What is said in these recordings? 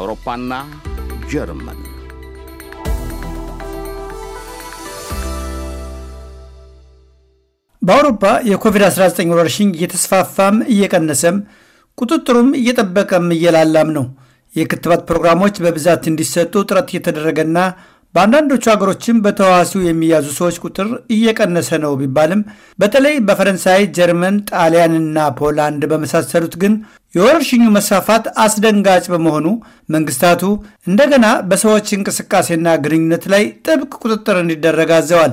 አውሮፓና ጀርመን በአውሮፓ የኮቪድ-19 ወረርሽኝ እየተስፋፋም እየቀነሰም ቁጥጥሩም እየጠበቀም እየላላም ነው። የክትባት ፕሮግራሞች በብዛት እንዲሰጡ ጥረት እየተደረገና በአንዳንዶቹ ሀገሮችም በተዋሲው የሚያዙ ሰዎች ቁጥር እየቀነሰ ነው ቢባልም በተለይ በፈረንሳይ፣ ጀርመን፣ ጣሊያንና ፖላንድ በመሳሰሉት ግን የወረርሽኙ መስፋፋት አስደንጋጭ በመሆኑ መንግስታቱ እንደገና በሰዎች እንቅስቃሴና ግንኙነት ላይ ጥብቅ ቁጥጥር እንዲደረግ አዘዋል።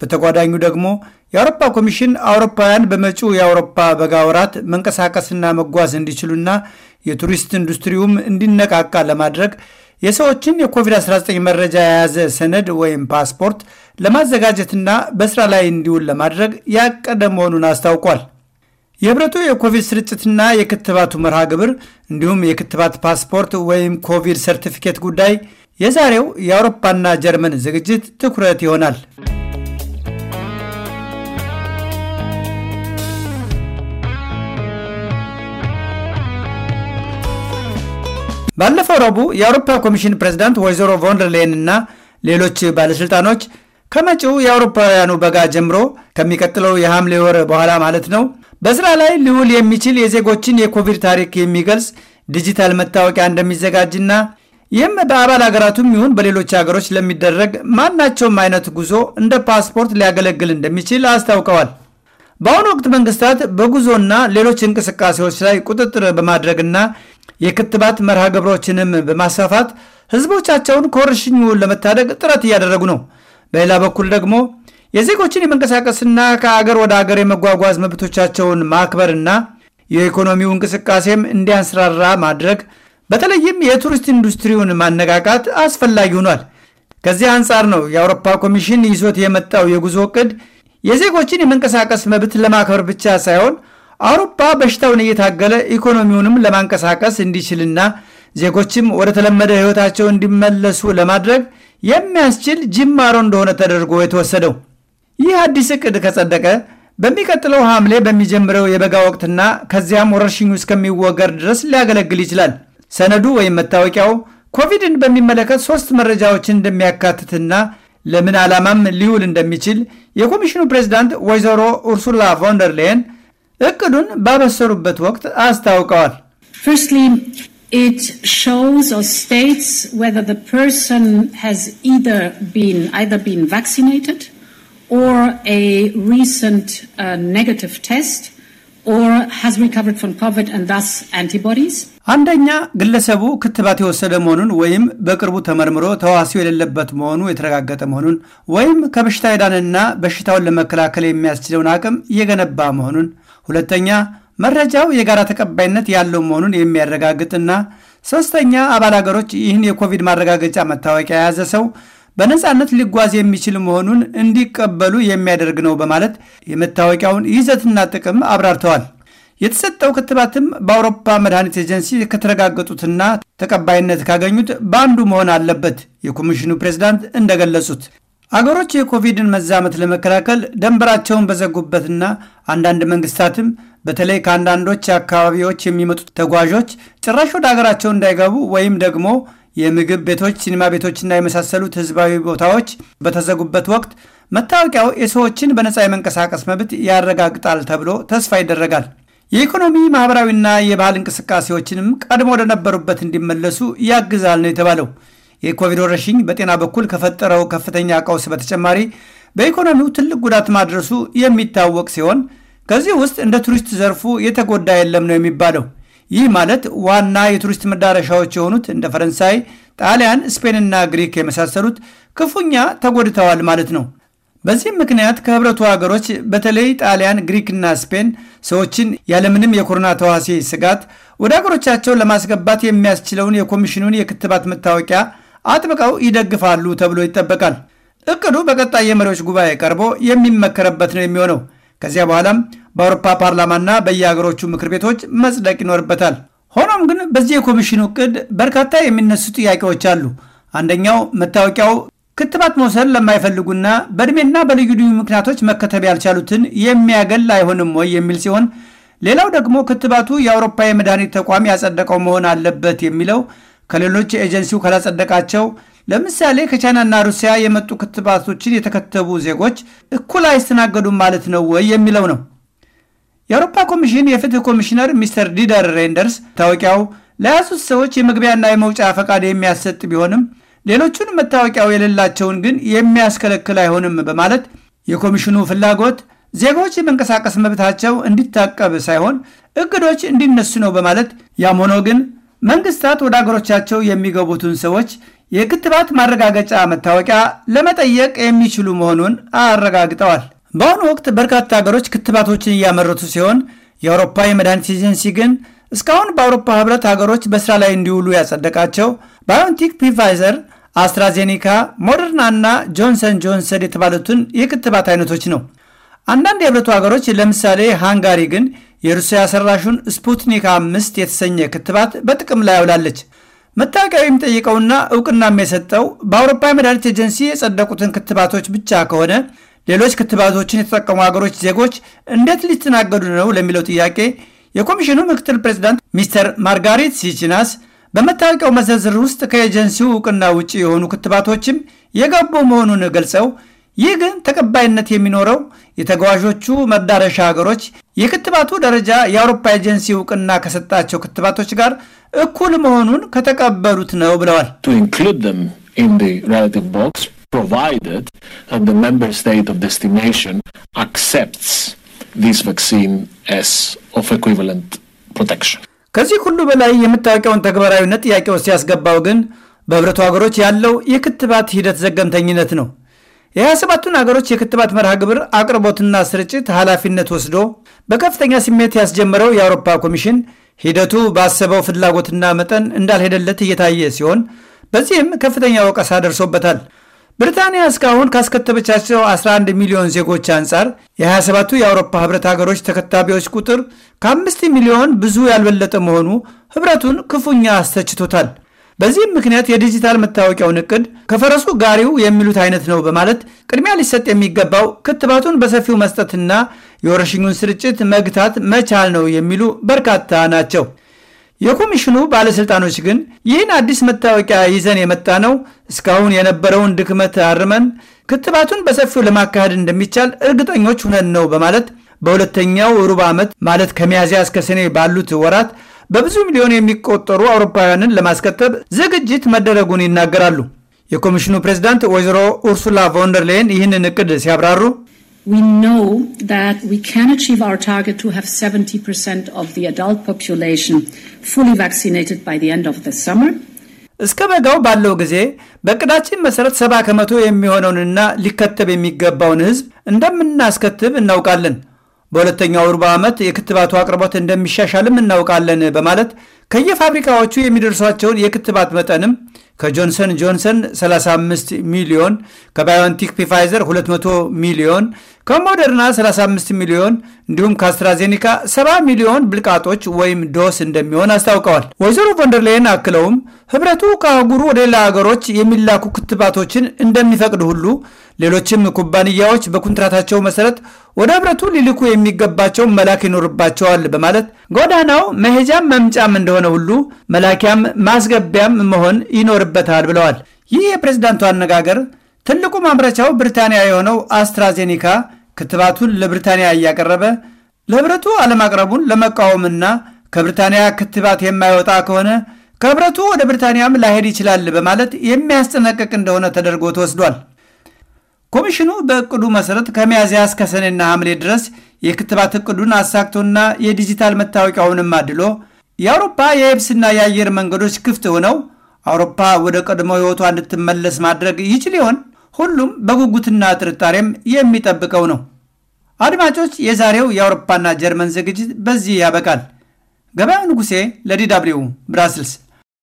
በተጓዳኙ ደግሞ የአውሮፓ ኮሚሽን አውሮፓውያን በመጪው የአውሮፓ በጋ ወራት መንቀሳቀስና መጓዝ እንዲችሉና የቱሪስት ኢንዱስትሪውም እንዲነቃቃ ለማድረግ የሰዎችን የኮቪድ-19 መረጃ የያዘ ሰነድ ወይም ፓስፖርት ለማዘጋጀትና በስራ ላይ እንዲውል ለማድረግ ያቀደ መሆኑን አስታውቋል። የህብረቱ የኮቪድ ስርጭትና የክትባቱ መርሃ ግብር እንዲሁም የክትባት ፓስፖርት ወይም ኮቪድ ሰርቲፊኬት ጉዳይ የዛሬው የአውሮፓና ጀርመን ዝግጅት ትኩረት ይሆናል። ባለፈው ረቡዕ የአውሮፓ ኮሚሽን ፕሬዚዳንት ወይዘሮ ቮንደርሌን እና ሌሎች ባለሥልጣኖች ከመጪው የአውሮፓውያኑ በጋ ጀምሮ ከሚቀጥለው የሐምሌ ወር በኋላ ማለት ነው በስራ ላይ ሊውል የሚችል የዜጎችን የኮቪድ ታሪክ የሚገልጽ ዲጂታል መታወቂያ እንደሚዘጋጅና ይህም በአባል ሀገራቱም ይሁን በሌሎች ሀገሮች ለሚደረግ ማናቸውም አይነት ጉዞ እንደ ፓስፖርት ሊያገለግል እንደሚችል አስታውቀዋል። በአሁኑ ወቅት መንግስታት በጉዞና ሌሎች እንቅስቃሴዎች ላይ ቁጥጥር በማድረግና የክትባት መርሃ ግብሮችንም በማስፋፋት ህዝቦቻቸውን ከወረርሽኙ ለመታደግ ጥረት እያደረጉ ነው። በሌላ በኩል ደግሞ የዜጎችን የመንቀሳቀስና ከአገር ወደ አገር የመጓጓዝ መብቶቻቸውን ማክበርና የኢኮኖሚው እንቅስቃሴም እንዲያንሰራራ ማድረግ በተለይም የቱሪስት ኢንዱስትሪውን ማነቃቃት አስፈላጊ ሆኗል። ከዚህ አንጻር ነው የአውሮፓ ኮሚሽን ይዞት የመጣው የጉዞ ዕቅድ የዜጎችን የመንቀሳቀስ መብት ለማክበር ብቻ ሳይሆን አውሮፓ በሽታውን እየታገለ ኢኮኖሚውንም ለማንቀሳቀስ እንዲችልና ዜጎችም ወደ ተለመደ ሕይወታቸው እንዲመለሱ ለማድረግ የሚያስችል ጅማሮ እንደሆነ ተደርጎ የተወሰደው ይህ አዲስ እቅድ ከጸደቀ በሚቀጥለው ሐምሌ በሚጀምረው የበጋ ወቅትና ከዚያም ወረርሽኙ እስከሚወገድ ድረስ ሊያገለግል ይችላል። ሰነዱ ወይም መታወቂያው ኮቪድን በሚመለከት ሶስት መረጃዎችን እንደሚያካትትና ለምን ዓላማም ሊውል እንደሚችል የኮሚሽኑ ፕሬዚዳንት ወይዘሮ ኡርሱላ ቮንደርሌየን እቅዱን ባበሰሩበት ወቅት አስታውቀዋል። It shows or states whether the person has either been either been vaccinated or a recent uh, negative test or has recovered from COVID and thus antibodies. አንደኛ ግለሰቡ ክትባት የወሰደ መሆኑን ወይም በቅርቡ ተመርምሮ ተዋሲው የሌለበት መሆኑ የተረጋገጠ መሆኑን ወይም ከበሽታ የዳንና በሽታውን ለመከላከል የሚያስችለውን አቅም እየገነባ መሆኑን ሁለተኛ መረጃው የጋራ ተቀባይነት ያለው መሆኑን የሚያረጋግጥና ሶስተኛ አባል አገሮች ይህን የኮቪድ ማረጋገጫ መታወቂያ የያዘ ሰው በነፃነት ሊጓዝ የሚችል መሆኑን እንዲቀበሉ የሚያደርግ ነው በማለት የመታወቂያውን ይዘትና ጥቅም አብራርተዋል። የተሰጠው ክትባትም በአውሮፓ መድኃኒት ኤጀንሲ ከተረጋገጡትና ተቀባይነት ካገኙት በአንዱ መሆን አለበት። የኮሚሽኑ ፕሬዝዳንት እንደገለጹት አገሮች የኮቪድን መዛመት ለመከላከል ደንበራቸውን በዘጉበትና አንዳንድ መንግስታትም በተለይ ከአንዳንዶች አካባቢዎች የሚመጡት ተጓዦች ጭራሽ ወደ አገራቸው እንዳይገቡ ወይም ደግሞ የምግብ ቤቶች፣ ሲኒማ ቤቶችና የመሳሰሉት ህዝባዊ ቦታዎች በተዘጉበት ወቅት መታወቂያው የሰዎችን በነፃ የመንቀሳቀስ መብት ያረጋግጣል ተብሎ ተስፋ ይደረጋል። የኢኮኖሚ ማህበራዊና የባህል እንቅስቃሴዎችንም ቀድሞ ወደነበሩበት እንዲመለሱ ያግዛል ነው የተባለው። የኮቪድ ወረርሽኝ በጤና በኩል ከፈጠረው ከፍተኛ ቀውስ በተጨማሪ በኢኮኖሚው ትልቅ ጉዳት ማድረሱ የሚታወቅ ሲሆን ከዚህ ውስጥ እንደ ቱሪስት ዘርፉ የተጎዳ የለም ነው የሚባለው። ይህ ማለት ዋና የቱሪስት መዳረሻዎች የሆኑት እንደ ፈረንሳይ፣ ጣሊያን፣ ስፔንና ግሪክ የመሳሰሉት ክፉኛ ተጎድተዋል ማለት ነው። በዚህም ምክንያት ከህብረቱ ሀገሮች በተለይ ጣሊያን፣ ግሪክና ስፔን ሰዎችን ያለምንም የኮሮና ተዋሲ ስጋት ወደ ሀገሮቻቸው ለማስገባት የሚያስችለውን የኮሚሽኑን የክትባት መታወቂያ አጥብቀው ይደግፋሉ ተብሎ ይጠበቃል። እቅዱ በቀጣይ የመሪዎች ጉባኤ ቀርቦ የሚመከረበት ነው የሚሆነው። ከዚያ በኋላም በአውሮፓ ፓርላማና በየሀገሮቹ ምክር ቤቶች መጽደቅ ይኖርበታል። ሆኖም ግን በዚህ የኮሚሽኑ እቅድ በርካታ የሚነሱ ጥያቄዎች አሉ። አንደኛው መታወቂያው ክትባት መውሰድ ለማይፈልጉና በእድሜና በልዩ ልዩ ምክንያቶች መከተብ ያልቻሉትን የሚያገል አይሆንም ወይ የሚል ሲሆን፣ ሌላው ደግሞ ክትባቱ የአውሮፓ የመድኃኒት ተቋም ያጸደቀው መሆን አለበት የሚለው ከሌሎች ኤጀንሲው ካላጸደቃቸው ለምሳሌ ከቻይናና ሩሲያ የመጡ ክትባቶችን የተከተቡ ዜጎች እኩል አይስተናገዱም ማለት ነው ወይ የሚለው ነው። የአውሮፓ ኮሚሽን የፍትህ ኮሚሽነር ሚስተር ዲደር ሬንደርስ መታወቂያው ለያዙት ሰዎች የመግቢያና የመውጫ ፈቃድ የሚያሰጥ ቢሆንም ሌሎቹን መታወቂያው የሌላቸውን ግን የሚያስከለክል አይሆንም በማለት የኮሚሽኑ ፍላጎት ዜጎች የመንቀሳቀስ መብታቸው እንዲታቀብ ሳይሆን እግዶች እንዲነሱ ነው በማለት ያም ሆኖ ግን መንግስታት ወደ አገሮቻቸው የሚገቡትን ሰዎች የክትባት ማረጋገጫ መታወቂያ ለመጠየቅ የሚችሉ መሆኑን አረጋግጠዋል። በአሁኑ ወቅት በርካታ ሀገሮች ክትባቶችን እያመረቱ ሲሆን የአውሮፓ የመድኃኒት ኤጀንሲ ግን እስካሁን በአውሮፓ ህብረት ሀገሮች በስራ ላይ እንዲውሉ ያጸደቃቸው ባዮንቲክ ፒፋይዘር፣ አስትራዜኒካ፣ ሞደርና እና ጆንሰን ጆንሰን የተባሉትን የክትባት አይነቶች ነው። አንዳንድ የህብረቱ ሀገሮች ለምሳሌ ሃንጋሪ ግን የሩሲያ ሰራሹን ስፑትኒክ አምስት የተሰኘ ክትባት በጥቅም ላይ አውላለች። መታወቂያ የሚጠይቀውና እውቅናም የሰጠው በአውሮፓ የመድኃኒት ኤጀንሲ የጸደቁትን ክትባቶች ብቻ ከሆነ ሌሎች ክትባቶችን የተጠቀሙ ሀገሮች ዜጎች እንዴት ሊስተናገዱ ነው ለሚለው ጥያቄ የኮሚሽኑ ምክትል ፕሬዚዳንት ሚስተር ማርጋሪት ሲቺናስ በመታወቂያው መዘርዝር ውስጥ ከኤጀንሲው እውቅና ውጭ የሆኑ ክትባቶችም የገቡ መሆኑን ገልጸው ይህ ግን ተቀባይነት የሚኖረው የተጓዦቹ መዳረሻ ሀገሮች የክትባቱ ደረጃ የአውሮፓ ኤጀንሲ እውቅና ከሰጣቸው ክትባቶች ጋር እኩል መሆኑን ከተቀበሉት ነው ብለዋል። ከዚህ ሁሉ በላይ የመታወቂያውን ተግባራዊነት ጥያቄ ውስጥ ያስገባው ግን በህብረቱ ሀገሮች ያለው የክትባት ሂደት ዘገምተኝነት ነው። የ27ቱን አገሮች የክትባት መርሃ ግብር አቅርቦትና ስርጭት ኃላፊነት ወስዶ በከፍተኛ ስሜት ያስጀመረው የአውሮፓ ኮሚሽን ሂደቱ ባሰበው ፍላጎትና መጠን እንዳልሄደለት እየታየ ሲሆን በዚህም ከፍተኛ ወቀሳ ደርሶበታል። ብሪታንያ እስካሁን ካስከተበቻቸው 11 ሚሊዮን ዜጎች አንጻር የ27ቱ የአውሮፓ ህብረት ሀገሮች ተከታቢዎች ቁጥር ከ5 ሚሊዮን ብዙ ያልበለጠ መሆኑ ህብረቱን ክፉኛ አስተችቶታል። በዚህም ምክንያት የዲጂታል መታወቂያውን እቅድ ከፈረሱ ጋሪው የሚሉት አይነት ነው በማለት ቅድሚያ ሊሰጥ የሚገባው ክትባቱን በሰፊው መስጠትና የወረሽኙን ስርጭት መግታት መቻል ነው የሚሉ በርካታ ናቸው። የኮሚሽኑ ባለሥልጣኖች ግን ይህን አዲስ መታወቂያ ይዘን የመጣ ነው እስካሁን የነበረውን ድክመት አርመን ክትባቱን በሰፊው ለማካሄድ እንደሚቻል እርግጠኞች ሁነን ነው በማለት በሁለተኛው ሩብ ዓመት ማለት ከሚያዝያ እስከ ሰኔ ባሉት ወራት በብዙ ሚሊዮን የሚቆጠሩ አውሮፓውያንን ለማስከተብ ዝግጅት መደረጉን ይናገራሉ። የኮሚሽኑ ፕሬዝዳንት ወይዘሮ ኡርሱላ ቮንደርሌን ይህንን እቅድ ሲያብራሩ እስከ በጋው ባለው ጊዜ በእቅዳችን መሰረት ሰባ ከመቶ የሚሆነውንና ሊከተብ የሚገባውን ሕዝብ እንደምናስከትብ እናውቃለን። በሁለተኛው ሩብ ዓመት የክትባቱ አቅርቦት እንደሚሻሻልም እናውቃለን በማለት ከየፋብሪካዎቹ የሚደርሷቸውን የክትባት መጠንም ከጆንሰን ጆንሰን 35 ሚሊዮን፣ ከባዮንቲክ ፒፋይዘር 200 ሚሊዮን፣ ከሞደርና 35 ሚሊዮን እንዲሁም ከአስትራዜኒካ 70 ሚሊዮን ብልቃጦች ወይም ዶስ እንደሚሆን አስታውቀዋል። ወይዘሮ ቮንደርላይን አክለውም ህብረቱ ከአህጉሩ ወደ ሌላ ሀገሮች የሚላኩ ክትባቶችን እንደሚፈቅድ ሁሉ ሌሎችም ኩባንያዎች በኩንትራታቸው መሰረት ወደ ህብረቱ ሊልኩ የሚገባቸው መላክ ይኖርባቸዋል በማለት ጎዳናው መሄጃም መምጫም እንደሆነ ሁሉ መላኪያም ማስገቢያም መሆን ይኖርበታል ብለዋል። ይህ የፕሬዝዳንቱ አነጋገር ትልቁ ማምረቻው ብሪታንያ የሆነው አስትራዜኒካ ክትባቱን ለብሪታንያ እያቀረበ ለህብረቱ አለማቅረቡን ለመቃወምና ከብሪታንያ ክትባት የማይወጣ ከሆነ ከህብረቱ ወደ ብሪታንያም ላሄድ ይችላል በማለት የሚያስጠነቅቅ እንደሆነ ተደርጎ ተወስዷል። ኮሚሽኑ በእቅዱ መሰረት ከሚያዝያ እስከ ሰኔና ሐምሌ ድረስ የክትባት እቅዱን አሳክቶና የዲጂታል መታወቂያውንም አድሎ የአውሮፓ የየብስና የአየር መንገዶች ክፍት ሆነው አውሮፓ ወደ ቀድሞ ሕይወቷ እንድትመለስ ማድረግ ይችል ይሆን? ሁሉም በጉጉትና ጥርጣሬም የሚጠብቀው ነው። አድማጮች፣ የዛሬው የአውሮፓና ጀርመን ዝግጅት በዚህ ያበቃል። ገበያው ንጉሴ ለዲ ደብልዩ ብራስልስ